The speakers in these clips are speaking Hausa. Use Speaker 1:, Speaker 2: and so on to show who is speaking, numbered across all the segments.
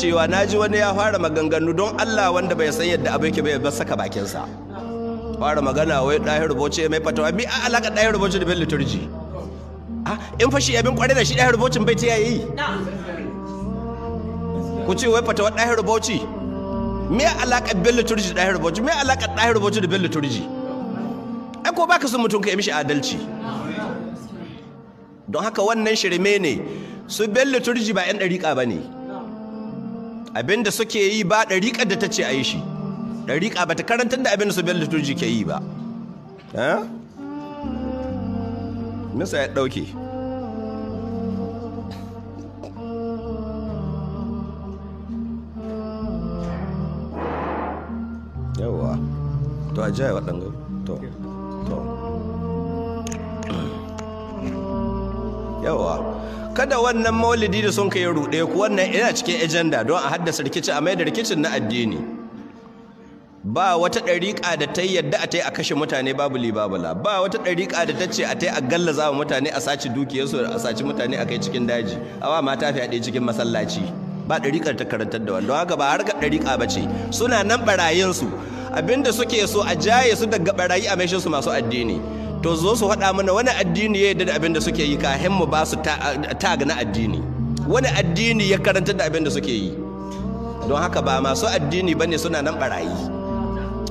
Speaker 1: cewa na ji wani ya fara maganganu don Allah wanda bai san yadda abu yake bai ba saka bakinsa fara magana wai ɗaya rubuce mai fatawa mi a alaƙa ɗaya rubuce da bin liturji ah, in fashi abin kwarai da shi ɗaya rubucin bai ta yi? ku ce wai fatawa ɗaya rubuci me alaƙa bin liturji ɗaya rubuci me alaƙa ɗaya rubuci da bin liturji ai ko baka son mutum ka yi mishi adalci don haka wannan shirme ne su bin liturji ba 'yan ɗariƙa ba ne Abin da suke yi ba ɗariƙar da ta ce a yi shi ɗariƙa ba ta karantar da da su biyar turji ke yi ba nisa ya ɗauke yawa to a jaya waɗanda to to yawa kada wannan maulidi da sun kai rude ku wannan yana cikin ajanda don a haddasa rikici a maida rikicin na addini ba wata ɗariƙa da ta yadda a tai a kashe mutane babu libabula ba wata ɗariƙa da ta ce a ta a gallaza wa mutane a saci dukiyarsu a saci mutane a kai cikin daji awa mata fi haɗe cikin masallaci ba dariƙar ta karantar da wanda haka ba harkar ɗariƙa ba ce suna nan ɓarayinsu abinda suke so a jaye su daga ɓarayi a maishin masu addini to zo su haɗa mana wani addini ya yi da abin da suke yi kahin mu ba su tag na addini wani addini ya karanta da abin da suke yi don haka ba masu addini ba ne suna nan barayi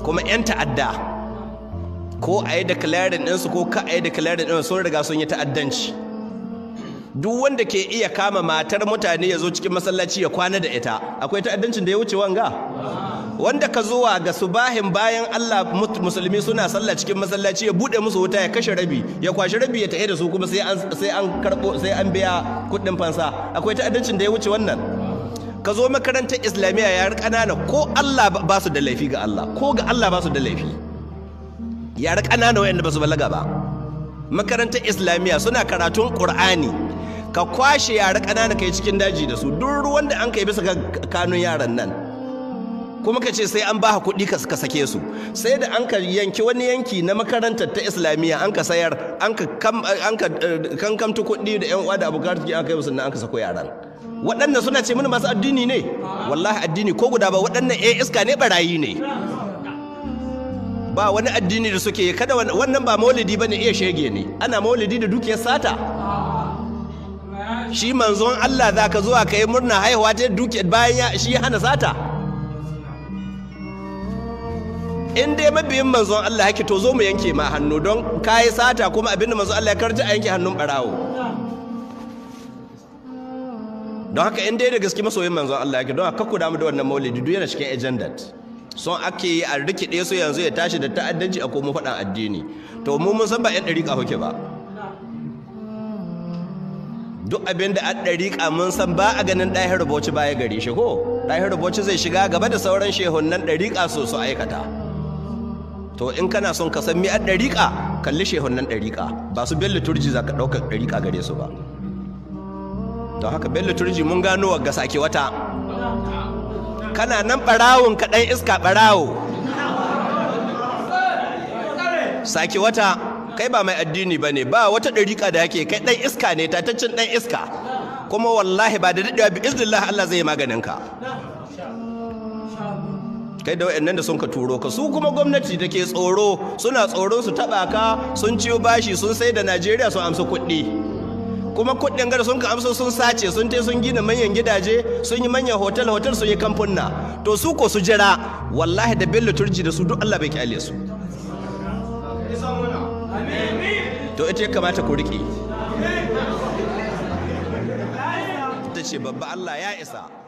Speaker 1: kuma 'yan ta'adda ko a yi declaring ɗinsu ko ka a yi declaring ɗinsu sun riga sun yi ta'addanci duk wanda ke iya kama matar mutane ya zo cikin masallaci ya kwana da ita akwai ta'addancin da ya wuce wanga wanda ka zuwa ga subahin bayan Allah musulmi suna sallah cikin masallaci ya bude musu wuta ya kashe rabi ya kwashi rabi ya tahe da su kuma sai an karbo sai an biya kuɗin fansa akwai ta'addancin da ya wuce wannan ka zo makarantar islamiyya yar kanana ko Allah ba su da laifi ga Allah ko ga Allah ba su da laifi yar kanana wayanda ba su balaga ba makarantar islamiyya suna karatun qur'ani ka kwashe yara kanana kai cikin daji da su duk ruwan da an kai bisa ga kanun yaran nan kuma ka ce sai an ba kuɗi ka sake su sai da an ka yanki wani yanki na makarantar ta islamiyya an ka sayar an ka eh, kankamta kuɗi da yan uwa da abokan arziki an kai musu an ka sako yaran waɗannan suna ce mini masu addini ne wallahi addini ko guda ba waɗannan yan iska ne barayi ne ba wani addini da suke kada wannan ba maulidi ne iya shege ne ana maulidi da dukiyar sata shi manzon Allah ka zuwa ka yi murna haihuwa ta dukiyar bayan shi hana sata in dai mabiyin manzon Allah yake to zo mu yanke ma hannu don kayi sata kuma abinda manzon Allah ya karji a yanke hannun barawo don haka in dai da gaske masoyin manzon Allah yake don haka ku damu da wannan maulidi duk yana cikin agenda son ake yi a rikide su yanzu ya tashi da ta'addanci a komo faɗan addini to mu mun san ba yan ɗariƙa hoke ba duk abin da an ɗariƙa mun san ba a ganin ɗahir rubuci baya gari shi ko ɗahir rubuci zai shiga gaba da sauran nan ɗariƙa so su aikata to in kana son ka san mi'ar ɗariƙa kalli nan ɗariƙa ba su bin liturji za ka ɗaukar ɗariƙa gare su ba don haka bin liturji mun gano wa gasa ke wata kana nan ɓarawun ka ɗan iska ɓarawo sake wata kai ba mai addini ba ne ba wata ɗariƙa da yake kai ɗan iska ne tataccen ɗan iska kuma wallahi ba da daɗewa bi iznillah Allah zai maganin ka kai da nan da sun ka turo ka su kuma gwamnati da ke tsoro suna tsoron su taba ka sun ciyo bashi sun sai da Najeriya sun amsa kuɗi kuma kuɗin gada sun ka amsa sun sace sun te sun gina manyan gidaje sun yi manyan hotel hotel sun yi kamfunna to su ko su jira wallahi da bello turji da su duk Allah bai kyale su to ita ya kamata ku riƙe ta ce babba Allah ya isa